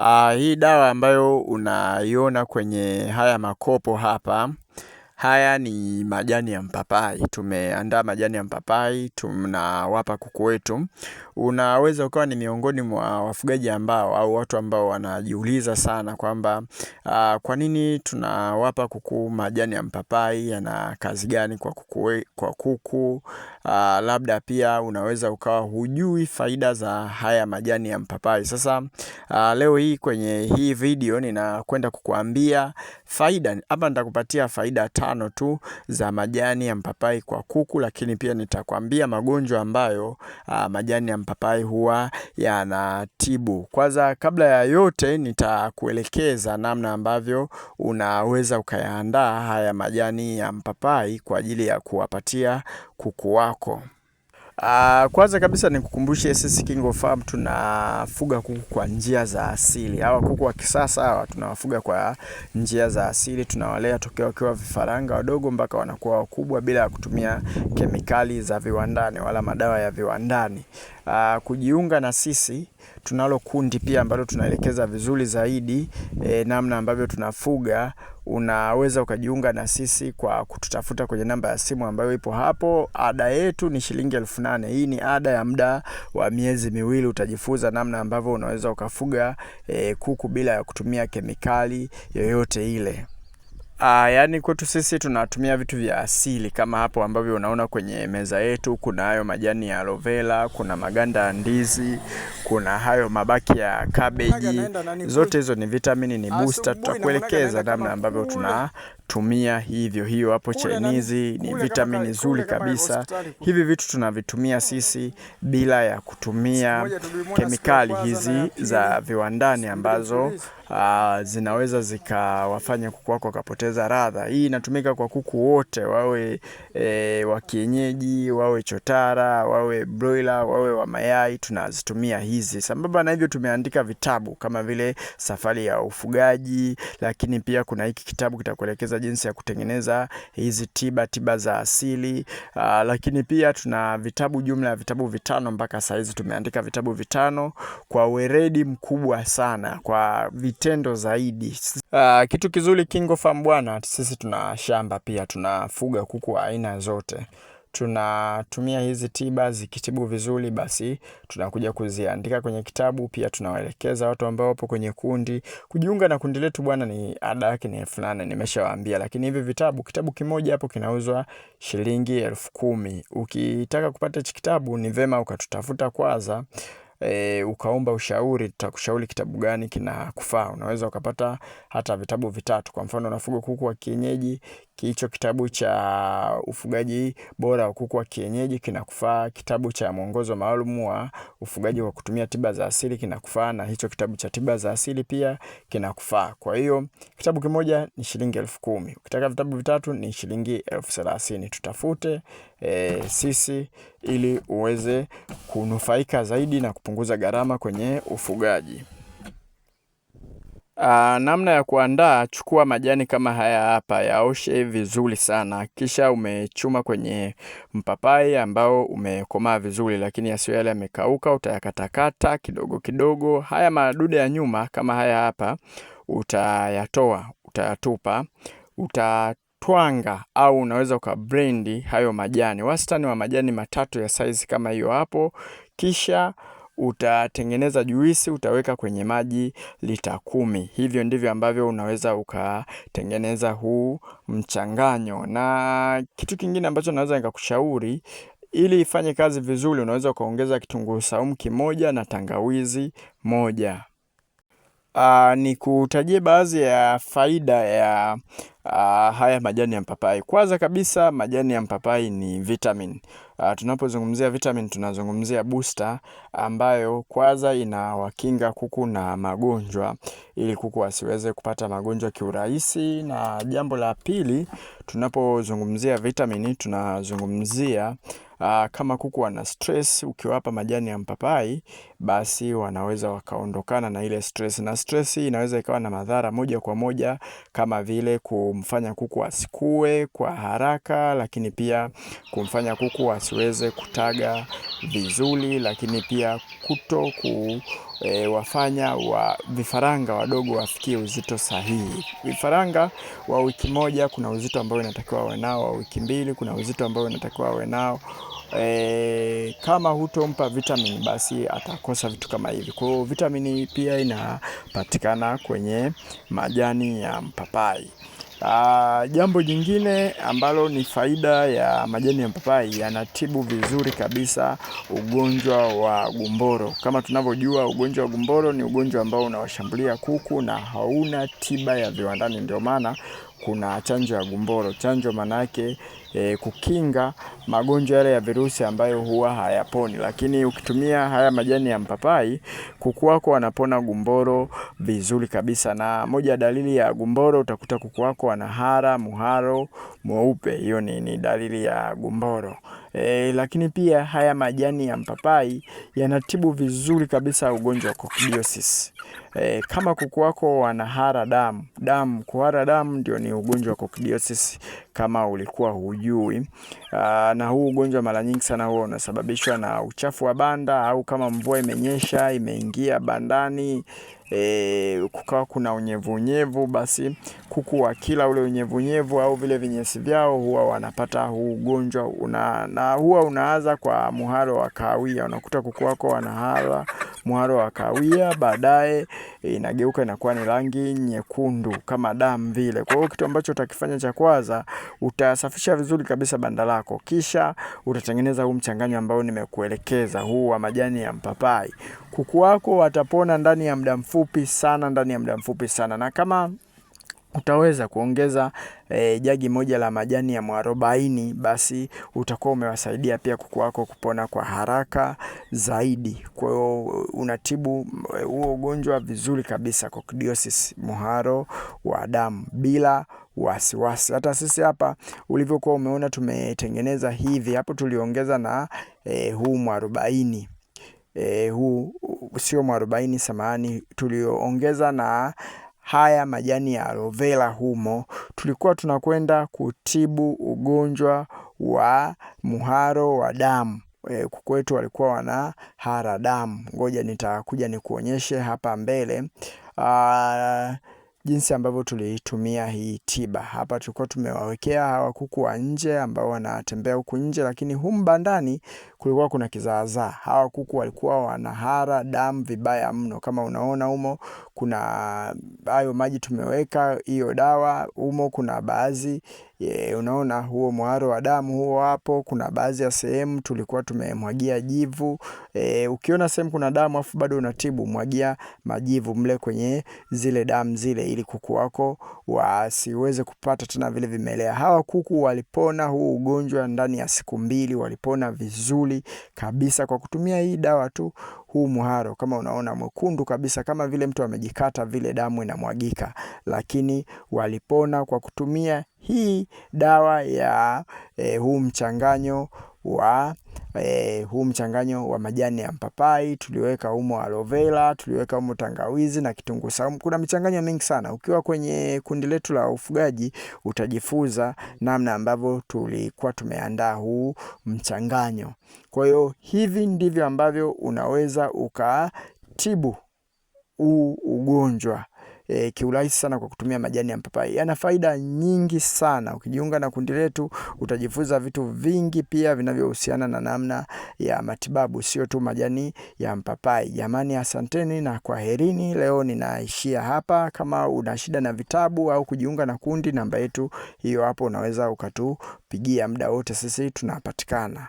Uh, hii dawa ambayo unaiona kwenye haya makopo hapa, haya ni majani ya mpapai. Tumeandaa majani ya mpapai tunawapa kuku wetu unaweza ukawa ni miongoni mwa wafugaji ambao au watu ambao wanajiuliza sana kwamba ah, kwa nini tunawapa kuku majani ya mpapai, yana kazi gani kwa kuku, kwa kuku. Uh, labda pia unaweza ukawa hujui faida za haya majani ya mpapai. Sasa uh, leo hii kwenye hii video ninakwenda kukuambia faida hapa, nitakupatia faida tano tu za majani ya mpapai kwa kuku, lakini pia nitakwambia magonjwa ambayo uh, majani ya mpapai huwa yanatibu. Kwanza kabla ya yote nitakuelekeza namna ambavyo unaweza ukayaandaa haya majani ya mpapai kwa ajili ya kuwapatia kuku wako. Uh, kwanza kabisa nikukumbushe sisi Kingo Farm tunafuga kuku kwa njia za asili. Hawa kuku wa kisasa hawa tunawafuga kwa njia za asili, tunawalea tokea wakiwa vifaranga wadogo mpaka wanakuwa wakubwa bila ya kutumia kemikali za viwandani wala madawa ya viwandani. Uh, kujiunga na sisi tunalo kundi pia ambalo tunaelekeza vizuri zaidi e, namna ambavyo tunafuga. Unaweza ukajiunga na sisi kwa kututafuta kwenye namba ya simu ambayo ipo hapo. Ada yetu ni shilingi elfu nane. Hii ni ada ya muda wa miezi miwili. Utajifunza namna ambavyo unaweza ukafuga e, kuku bila ya kutumia kemikali yoyote ile. Aa, ah, yani kwetu sisi tunatumia vitu vya asili kama hapo ambavyo unaona kwenye meza yetu, kuna hayo majani ya aloe vera, kuna maganda ya ndizi, kuna hayo mabaki ya kabeji. Zote hizo ni vitamini, ni booster. Tutakuelekeza namna ambavyo tunatumia hivyo. Hiyo hapo chenizi ni vitamini nzuri kabisa. Hivi vitu tunavitumia sisi bila ya kutumia kemikali hizi za viwandani ambazo aa, ah, zinaweza zikawafanya kuku wako wakapoteza kuongeza radha. Hii inatumika kwa kuku wote, wawe e, wa kienyeji, wawe chotara, wawe broiler, wawe wa mayai, tunazitumia hizi. Sambamba na hivyo tumeandika vitabu kama vile Safari ya Ufugaji, lakini pia kuna hiki kitabu kitakuelekeza jinsi ya kutengeneza hizi tiba tiba za asili. Aa, lakini pia tuna vitabu, jumla ya vitabu vitano mpaka saizi tumeandika vitabu vitano kwa weredi mkubwa sana, kwa vitendo zaidi. Uh, kitu kizuri Kingo Farm bwana, sisi tuna shamba pia, tunafuga kuku aina zote tunatumia hizi tiba zikitibu vizuri, basi tunakuja kuziandika kwenye kitabu. Pia tunawaelekeza watu ambao wapo kwenye kundi kujiunga na kundi letu bwana, ni ada yake ni elfu nane nimeshawaambia. Lakini hivi vitabu, kitabu kimoja hapo kinauzwa shilingi elfu kumi. Ukitaka kupata hichi kitabu ni vema ukatutafuta kwanza e, ukaomba ushauri, tutakushauri kitabu gani kinakufaa. Unaweza ukapata hata vitabu vitatu. Kwa mfano unafuga kuku wa kienyeji, hicho kitabu cha ufugaji bora wa kuku wa kienyeji kinakufaa, kitabu cha mwongozo maalum wa ufugaji kwa kutumia tiba za asili kinakufaa, na hicho kitabu cha tiba za asili pia kinakufaa. Kwa hiyo kitabu kimoja ni shilingi elfu kumi. Ukitaka vitabu vitatu ni shilingi elfu thelathini. Tutafute e, sisi ili uweze kunufaika zaidi na kupunguza gharama kwenye ufugaji. Aa, ah, namna ya kuandaa, chukua majani kama haya hapa, yaoshe vizuri sana, kisha umechuma kwenye mpapai ambao umekomaa vizuri, lakini yasiyo yale yamekauka. Utayakatakata kidogo kidogo, haya madude ya nyuma kama haya hapa utayatoa, utayatupa, utatwanga au unaweza ukabrendi hayo majani, wastani wa majani matatu ya size kama hiyo hapo, kisha utatengeneza juisi, utaweka kwenye maji lita kumi. Hivyo ndivyo ambavyo unaweza ukatengeneza huu mchanganyo. Na kitu kingine ambacho naweza nikakushauri ili ifanye kazi vizuri, unaweza ukaongeza kitunguu saumu kimoja na tangawizi moja. ni kutajie baadhi ya faida ya Uh, haya majani ya mpapai. Kwanza kabisa majani ya mpapai ni vitamin. Uh, tunapozungumzia vitamin tunazungumzia booster ambayo kwanza inawakinga kuku na magonjwa ili kuku asiweze kupata magonjwa kiurahisi, na jambo la pili tunapozungumzia vitamin tunazungumzia Uh, kama kuku wana stress ukiwapa majani ya mpapai basi wanaweza wakaondokana na ile stress, na stress inaweza ikawa na madhara moja kwa moja kama vile ku kumfanya kuku asikue kwa haraka, lakini pia kumfanya kuku asiweze kutaga vizuri, lakini pia kuto ku E, wafanya wa vifaranga wadogo wafikie uzito sahihi. Vifaranga wa wiki moja kuna uzito ambao inatakiwa wawe nao, wa wiki mbili kuna uzito ambao inatakiwa wawe nao. E, kama hutompa vitamini basi atakosa vitu kama hivi. Kwa hiyo vitamini pia inapatikana kwenye majani ya mpapai. Uh, jambo jingine ambalo ni faida ya majani ya mpapai, yanatibu vizuri kabisa ugonjwa wa gumboro. Kama tunavyojua, ugonjwa wa gumboro ni ugonjwa ambao unawashambulia kuku na hauna tiba ya viwandani, ndio maana kuna chanjo ya gumboro. Chanjo maana yake e, kukinga magonjwa yale ya virusi ambayo huwa hayaponi, lakini ukitumia haya majani ya mpapai kuku wako wanapona gumboro vizuri kabisa. Na moja ya dalili ya gumboro utakuta kuku wako ana hara muharo mweupe, hiyo ni, ni dalili ya gumboro. E, lakini pia haya majani ya mpapai yanatibu vizuri kabisa ugonjwa wa kokidiosis. E, kama kuku wako wanahara damu damu, kuhara damu ndio ni ugonjwa wa kokidiosis, kama ulikuwa hujui haujui. Aa, ah, na huu ugonjwa mara nyingi sana huwa unasababishwa na uchafu wa banda au kama mvua imenyesha imeingia bandani e, kukawa kuna unyevunyevu, basi kuku wa kila ule unyevunyevu au vile vinyesi vyao huwa wanapata huu ugonjwa una, na huwa unaanza kwa muharo wa kahawia. Unakuta kuku wako wanahala mwaro wa kahawia, baadaye inageuka inakuwa ni rangi nyekundu kama damu vile. Kwa hiyo kitu ambacho utakifanya cha kwanza, utasafisha vizuri kabisa banda lako, kisha utatengeneza huu mchanganyo ambao nimekuelekeza huu wa majani ya mpapai. Kuku wako watapona ndani ya muda mfupi sana, ndani ya muda mfupi sana na kama utaweza kuongeza e, jagi moja la majani ya mwarobaini, basi utakuwa umewasaidia pia kuku wako kupona kwa haraka zaidi. Kwa hiyo unatibu eh, huo ugonjwa vizuri kabisa, coccidiosis muharo wa damu bila wasiwasi wasi. Hata sisi hapa ulivyokuwa umeona tumetengeneza hivi hapo, tuliongeza na e, huu mwarobaini e, huu sio mwarobaini, samahani, tulioongeza na haya majani ya aloe vera humo, tulikuwa tunakwenda kutibu ugonjwa wa muharo wa damu. E, kuku wetu walikuwa wana hara damu. Ngoja nitakuja nikuonyeshe hapa mbele aa, jinsi ambavyo tulitumia hii tiba. Hapa tulikuwa tumewawekea hawa kuku wa nje ambao wanatembea huku nje, lakini humba ndani kulikuwa kuna kizaazaa. Hawa kuku walikuwa wanahara damu vibaya mno, kama unaona humo kuna hayo maji tumeweka hiyo dawa humo, kuna baadhi ye, unaona huo mwaro wa damu huo hapo. Kuna baadhi ya sehemu tulikuwa tumemwagia jivu e, ukiona sehemu kuna damu afu bado unatibu, mwagia majivu mle kwenye zile damu zile, ili kuku wako wasiweze kupata tena vile vimelea. Hawa kuku walipona huu ugonjwa ndani ya siku mbili, walipona vizuri vizuri kabisa kwa kutumia hii dawa tu, huu muharo kama unaona mwekundu kabisa, kama vile mtu amejikata vile, damu inamwagika, lakini walipona kwa kutumia hii dawa ya eh, huu mchanganyo wa E, huu mchanganyo wa majani ya mpapai tuliweka humo aloe vera, tuliweka humo tangawizi na kitunguu saumu. Kuna michanganyo mingi sana. Ukiwa kwenye kundi letu la ufugaji utajifunza namna ambavyo tulikuwa tumeandaa huu mchanganyo. Kwa hiyo hivi ndivyo ambavyo unaweza ukatibu huu ugonjwa e, kiurahisi sana kwa kutumia majani ya mpapai. Yana faida nyingi sana. Ukijiunga na kundi letu utajifunza vitu vingi pia vinavyohusiana na namna ya matibabu, sio tu majani ya mpapai. Jamani, asanteni na kwaherini. Leo ninaishia hapa. Kama una shida na vitabu au kujiunga na kundi, namba yetu hiyo hapo, unaweza ukatupigia muda wote, sisi tunapatikana.